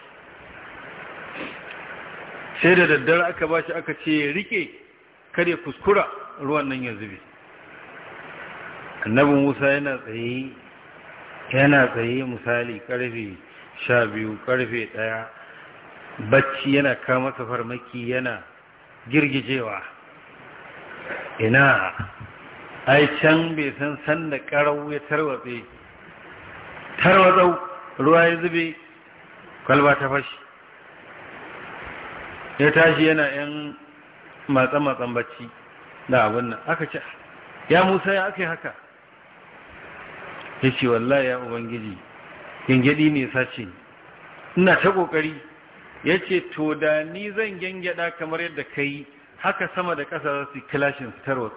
A: sai da daddare aka bashi aka ce rike kare kuskura ruwan nan ya zube annabi musa yana tsaye yana tsaye misali karfe sha biyu karfe ɗaya bacci yana kama farmaki yana girgijewa ina ai can bai san sanda karau ya tarwatse tarwatsa ruwa ya zube kwalba ta fashi ya tashi yana yan matsa-matsan bacci da abin nan aka ce ya musa ya aka haka ya ce wallahi ya ubangiji gyangyadi ne sace ina ta ƙoƙari ya ce to da ni zan gyangyada kamar yadda ka yi haka sama da ƙasa za su kilashin tarot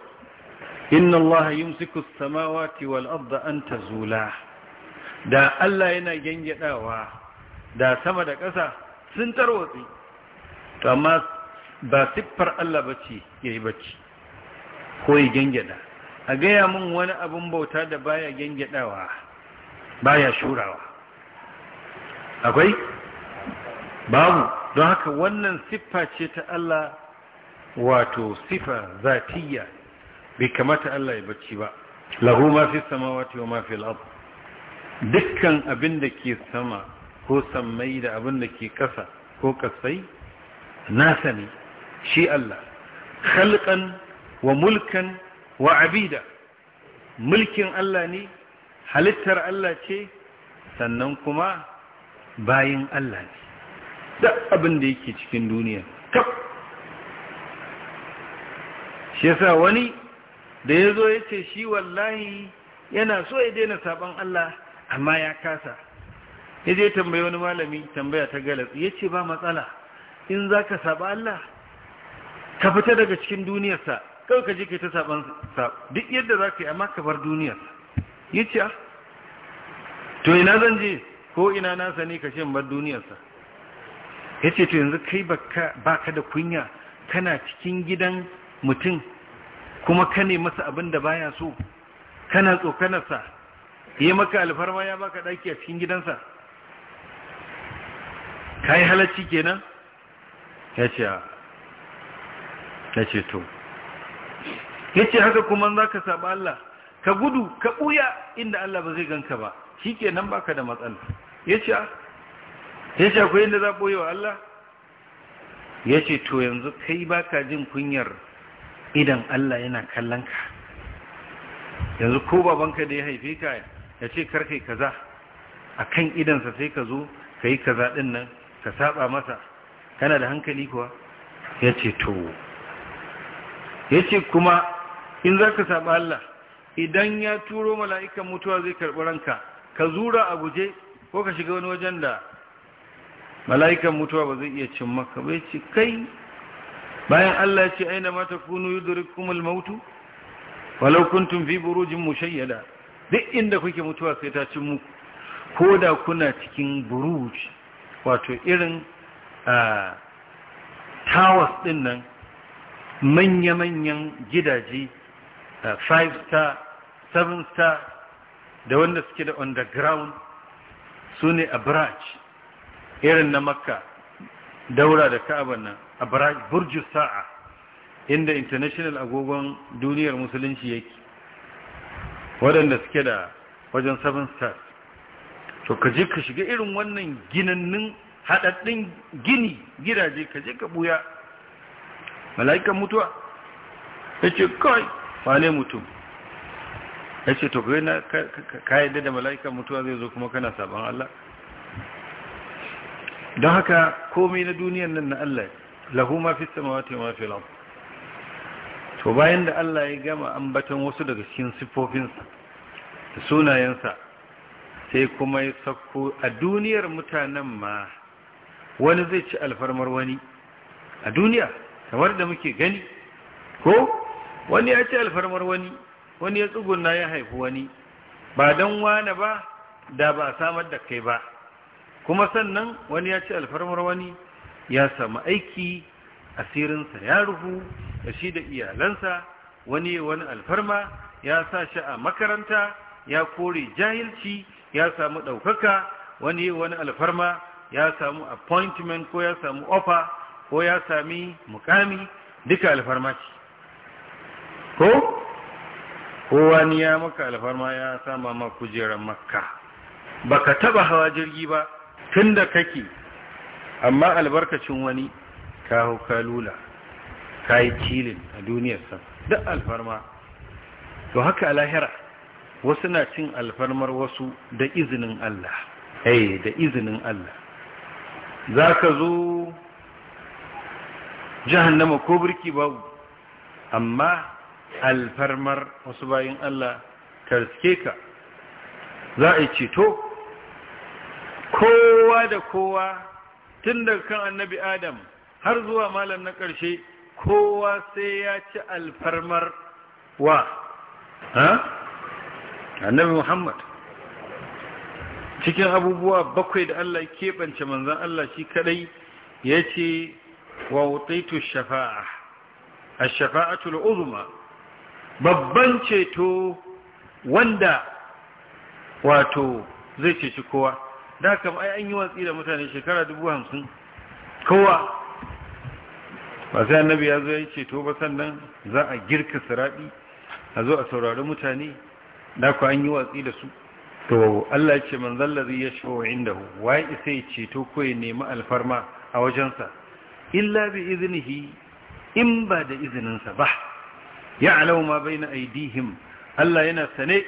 A: inna allaha yumsiku samawati wal arda an tazula da Allah yana gyangyadawa da sama da ƙasa sun tarwatsi to amma ba siffar Allah bace yayi bacci ko ya gengeda a gaya mun wani abin bauta da baya gengedawa baya shurawa akwai babu don haka wannan siffa ce ta Allah wato siffa zatiyya bai kamata Allah ya bacci ba lahu ma fi samawati wa ma fi al-ard dukkan abin da ke sama ko sammai da abin da ke kasa ko kasai nasa ne shi Allah
C: khalqan
A: wa mulkan wa abida mulkin Allah ne halittar Allah ce sannan kuma bayin Allah ne duk abin da yake cikin duniya kaf shi yasa wani da yazo yace shi wallahi yana so ya daina saban Allah amma ya kasa ya je tambayi wani malami tambaya ta galas ya ce ba matsala in zaka ka saba Allah ka fita daga cikin duniyarsa kawai ka je ka ta saban duk yadda za ka yi amma ka bar duniyar ya ce ah, to ina zan je ko ina na sani ka shan bar duniyarsa ya ce to yanzu kai ba ka da kunya kana cikin gidan mutum kuma ka ne masa abin da baya so kana tsokanarsa ya maka alfarma ya baka daki a cikin gidansa ka yi halarci kenan ya ce ah. ya ce to yace haka kuma za ka saba Allah ka gudu ka buya inda Allah ba zai ganka ba shikenan baka da matsala yace yace akwai inda za boye wa Allah yace to yanzu kai baka jin kunyar idan Allah yana kallon ka yanzu ko babanka da ya haife ka yace ce karkai kaza akan sa sai ka zo ka kaza din nan ka saba masa kana da hankali kuwa ya to ya kuma in za ka sami Allah idan ya turo mala'ikan mutuwa zai karɓi ranka ka zura a guje ko ka shiga wani wajen da mala'ikan mutuwa ba zai iya cin maka bai ce kai bayan Allah ce aina mata kunu kumul mautu walau kuntum fi burujin duk inda kuke mutuwa sai ta cin muku ko da kuna cikin buruj wato irin tawas ɗin nan manya-manyan gidaje Uh, five star seven star da wanda suke da underground su ne a branch irin na makka daura da ka'aba nan a branch burju sa'a inda international agogon duniyar musulunci yake waɗanda suke da wajen seven star, to ka je ka shiga irin wannan ginannin haɗaɗɗin gini gidaje ka je ka ɓuya mala'ikan mutuwa ya ce kawai wane mutum ya ce to kai na kayyade da mala'ika mutuwa zai zo kuma kana sabon Allah don haka komai na duniyan nan na Allah lahu ma fi samawati ma fi al to bayan da Allah ya gama ambaton wasu daga cikin siffofinsa da sunayensa sai kuma ya sako a duniyar mutanen ma wani zai ci alfarmar wani a duniya kamar da muke gani ko wani ya ci alfarmar wani wani ya tsuguna ya haihu wani ba don wane ba da ba a samar da kai ba kuma sannan wani ya ci alfarmar wani ya samu aiki asirinsa ya ruhu da shi da iyalansa wani wani alfarma ya sa shi a makaranta ya kore jahilci ya samu ɗaukaka wani wani alfarma ya samu appointment ko ya samu offer ko ya sami mukami duka alfarma ko kowa ni ya maka alfarma ya sama ma kujerar makka baka taba hawa jirgi ba tunda kake amma albarkacin wani ka hau kalula ka yi cilin a duniyar sa duk alfarma to haka lahira wasu na cin alfarmar wasu da izinin Allah eh da izinin Allah za ka zo jahannama ko birki babu amma alfarmar wasu bayin Allah tarske ka za a yi ceto kowa da kowa tun daga kan annabi adam har zuwa malam na ƙarshe kowa sai ya ci alfarmar wa annabi muhammad cikin abubuwa bakwai da Allah keɓance manzan Allah shi kaɗai ya ce wa wutaitu shafa'a a shafa'atul uzuma babban ceto wanda wato zai ceci kowa da haka ai an yi watsi da mutane shekara dubu hamsin kowa ba sai annabi ya zo ya ceto ba sannan za a girka siraɗi a zo a saurari mutane da ku an yi watsi da su to Allah ce manzon lazi ya shawo hu wai isa ya ceto ko ya nemi alfarma a wajensa illa bi izinihi in ba da izininsa ba ya'lamu ma baina aidihim Allah yana sane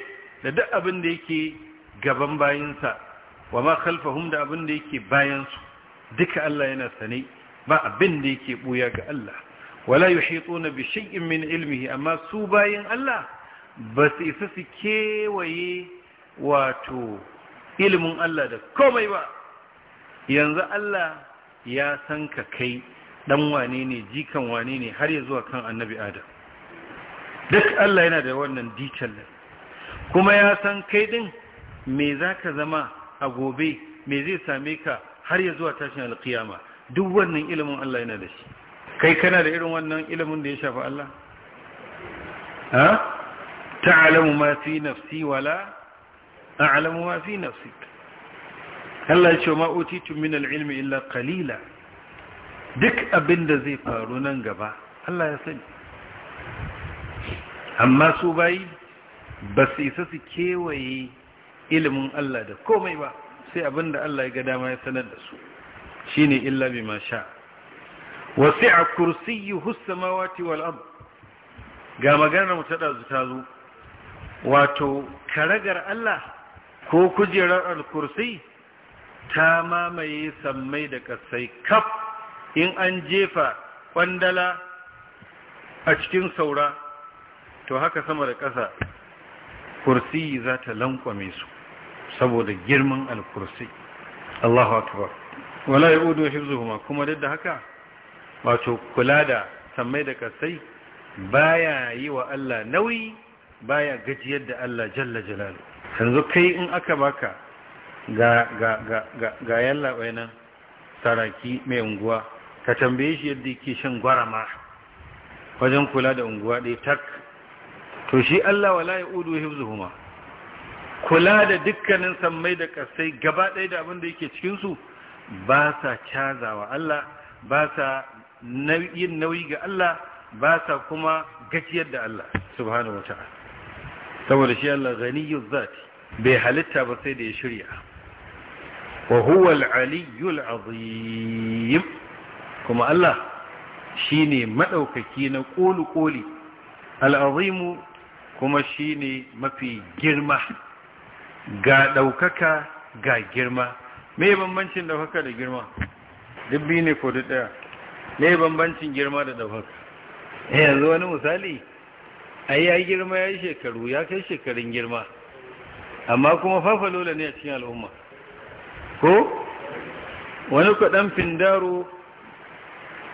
A: da duk abin da yake gaban bayansa wa ma khalfahum da abin da yake bayansu duka Allah yana sane ba abin da yake buya ga Allah wala yuhituna bi shay'in min ilmihi amma su bayan Allah ba su isa su kewaye wato ilimin Allah da komai ba yanzu Allah ya san ka kai dan wane ne jikan wane ne har ya zuwa kan annabi Adam duk Allah yana da wannan detail kuma ya san kai din me zaka zama a gobe me zai same ka har ya zuwa tashin alkiyama duk wannan ilimin Allah yana da shi kai kana da irin wannan ilimin da ya shafi Allah ha ta'lamu ma fi nafsi wala a'lamu ma fi nafsi. Allah ya ce ma utitu min al-ilmi illa qalila duk abinda zai faru nan gaba Allah ya sani amma su bayi ba su isa su kewaye ilimin Allah da komai ba sai abin da Allah ya ga dama ya sanar da su shi ne illa bi masha wasu a kursiyi hussamawati wal'ab ga maganar mutu da ta zo wato karagar Allah ko kujerar al-kursi ta mamaye sammai da kasai kaf in an jefa kwandala a cikin saura to haka sama da ƙasa kursi za ta lankwame su saboda girman alkursi Allahu akbar wala yaudu hifzuhuma kuma duk da haka wato kula da sammai da kasai baya yi wa Allah nauyi baya gajiyar da Allah jalla jalalu yanzu kai in aka baka ga ga ga yalla wayanan saraki mai unguwa ka tambaye shi yadda yake shan gwarama wajen kula da unguwa ɗaya tak to shi Allah wala ya udu hifzuhuma kula da dukkanin sammai da kasai gaba ɗaya da abin da yake cikin su ba sa cazawa Allah ba sa yin nauyi ga Allah ba sa kuma gajiyar da Allah subhanahu wata'ala saboda shi Allah ganiyyu zati bai halitta ba sai da ya shirya wa huwa al-aliyyul azim kuma Allah shine madaukaki na kolu koli al-azimu kuma shi ne mafi girma ga ɗaukaka ga girma me bambancin ɗaukaka da girma dubbi ne ko duk ɗaya me bambancin girma da ɗaukaka ya eh, yanzu wani misali ai ya girma ya yi shekaru ya kai shekarun girma amma kuma fafalola ne a cikin al'umma ko wani kwaɗan findaro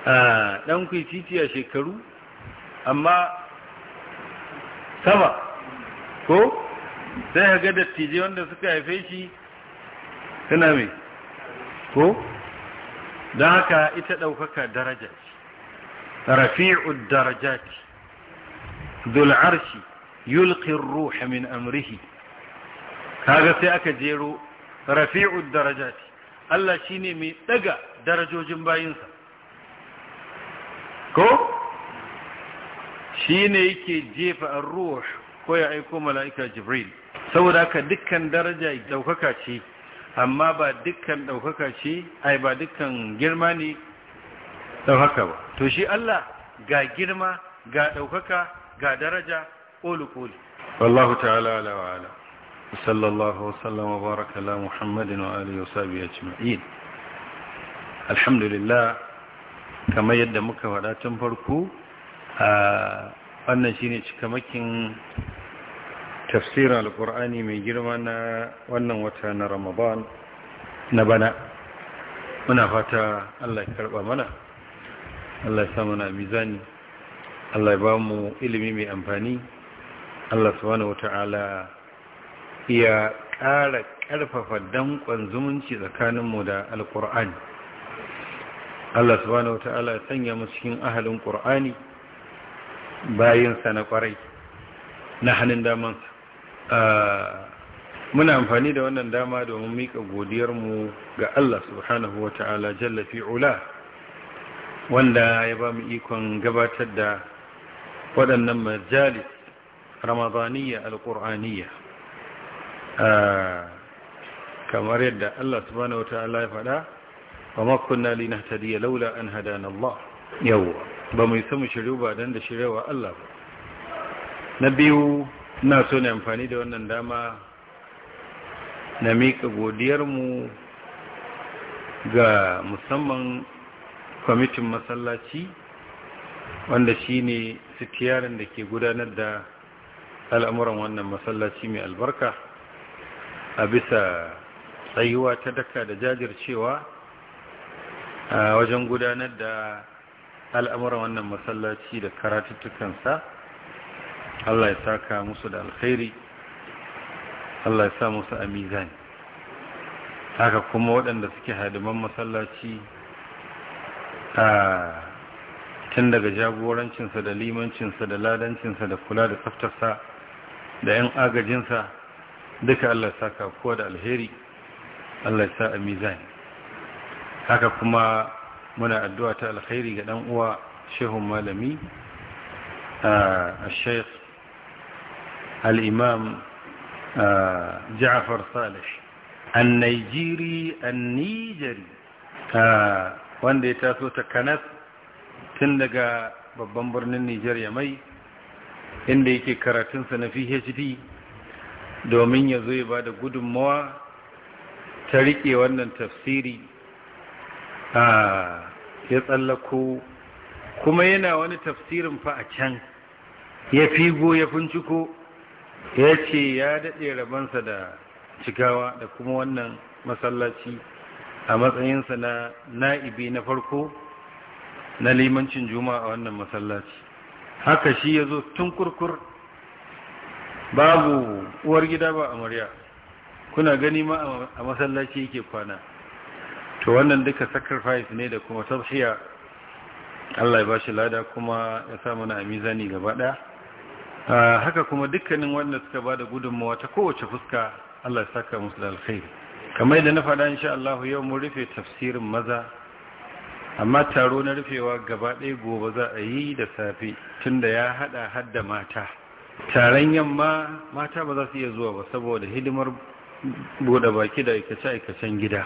A: a ɗan ah, kwiciti a shekaru amma sama ko sai ga dattijai wanda suka haife shi suna mai ko don haka ita ɗaukaka daraja rafi'ud rafi'ud dhul arshi yulqi ar ruha min amrihi kaga sai aka jero rafi'ud darajati Allah shine mai daga darajojin bayinsa ko shi ne yake jefa a ruwa ko ya aiko mala'ika jibril saboda haka dukkan daraja daukaka ce amma ba dukkan daukaka ce ai ba dukkan girma ne daukaka ba to shi Allah ga girma ga daukaka ga daraja qulu qulu wallahu ta'ala ala wa ala صلى الله وسلم wa على محمد wa وصحبه أجمعين الحمد Alhamdulillah. kamar yadda muka wadatun tun farko wannan shine cikamakin tafsirin alkur'ani mai girma na wannan wata na ramadan na bana muna fata allah ya karba mana allah ya sa na mizani allah ya ba mu ilimi mai amfani allah subhanahu wata'ala ya ƙara ƙarfafa danƙon zumunci tsakanin mu da alkur'ani allah subhanahu wata'ala ya sanya mu cikin ahalin ƙur'ani bayinsa na kwarai na hannun damansa muna amfani da wannan dama domin mika godiyarmu ga Allah subhanahu wa ta'ala jalla fi'ula wanda ya ba mu ikon gabatar da waɗannan majalis ramadaniya alƙur'aniya kamar yadda Allah subhanahu wa ta'ala ya faɗa wa makunna linahtadiya laula an na Allah yau. ba mai isa mu ba don da shirya Allah ba na biyu na so ne amfani da wannan dama na miƙa mu ga musamman kwamitin masallaci wanda shi ne sitiyarin da ke gudanar da al'amuran wannan masallaci mai albarka a bisa tsayuwa ta daka da jajircewa a wajen gudanar da al'amuran wannan masallaci da karatuttukansa Allah ya saka musu da alkhairi Allah ya sa musu a haka kuma waɗanda suke hadiman masallaci a tun daga jagorancinsa da limancinsa da ladancinsa da kula da tsaftarsa da 'yan agajinsa duka Allah ya saka kowa da alheri Allah ya sa a mizani haka kuma muna addu'a ta alkhairi ga dan uwa Shehu malami a sheikh al-imam ja'far salih an-nigeri an-nigeri wanda ya taso ta kanas tun daga babban birnin nigeria mai inda yake karatunsa na phd domin ya zo ya ba da gudunmawa ta riƙe wannan tafsiri ya tsallako kuma yana wani tafsirin fa a can ya figo ya finciko ya ce ya daɗe rabansa da cigawa da kuma wannan masallaci a matsayinsa na na'ibi na farko na limancin juma a wannan masallaci haka shi ya zo tun kurkur babu uwar gida ba amarya kuna gani ma a masallaci yake kwana to wannan duka sacrifice ne da kuma tabhiya Allah ya bashi lada kuma ya sa mana a mizani gaba daya ah, haka kuma dukkanin wanda suka bada gudunmawa ta kowace fuska Allah ya saka musu da alkhairi kamar da na faɗa insha Allah yau mun rufe tafsirin maza amma taro na rufewa gaba ɗaya gobe za a yi da safe tunda ya hada hadda mata taron yamma mata ba za su iya zuwa ba saboda hidimar bude baki da aikace-aikacen gida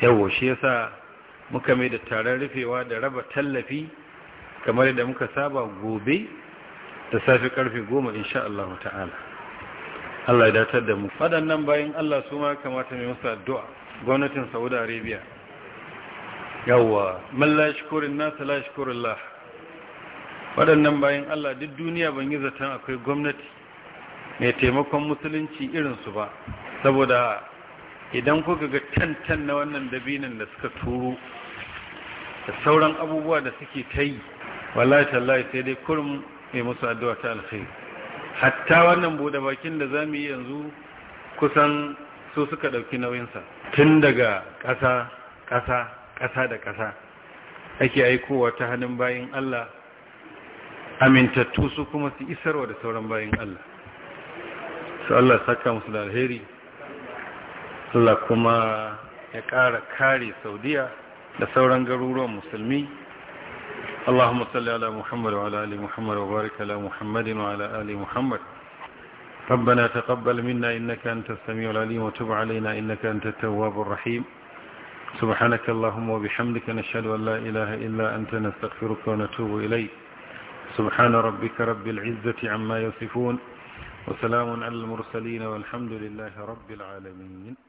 A: yawo shi yasa muka mai da taron rufewa da raba tallafi kamar da muka saba gobe da safi karfe goma insha Allah ta'ala Allah ya datar da mu waɗannan bayan Allah su ma kamata mai musa addu'a gwamnatin Saudi Arabia yawa man la shukurin nasa la la waɗannan bayan Allah duk duniya ban yi zaton akwai gwamnati mai taimakon musulunci irinsu ba saboda idan kuka ga tantan na wannan dabinin da suka turo da sauran abubuwa da suke ta yi wallahi tallahi sai dai kurum mai musu addu'a ta alkhairi hatta wannan bude bakin da za mu yi yanzu kusan su suka ɗauki nauyinsa tun daga ƙasa ƙasa ƙasa da ƙasa ake aikowa ta hannun bayan Allah
B: amintattu
A: su kuma su isarwa da sauran bayin Allah su Allah saka musu da alheri Allah kuma ya ƙara kare saudiya da sauran garuruwan musulmi Allahumma salli ala Muhammad wa ala ali Muhammad wa barik ala wa ala ali Muhammad ربنا تقبل منا إنك أنت السميع العليم وتب علينا إنك أنت التواب الرحيم سبحانك اللهم وبحمدك نشهد أن لا إله إلا أنت نستغفرك ونتوب إليك سبحان ربك رب العزة عما يصفون وسلام على المرسلين والحمد لله رب العالمين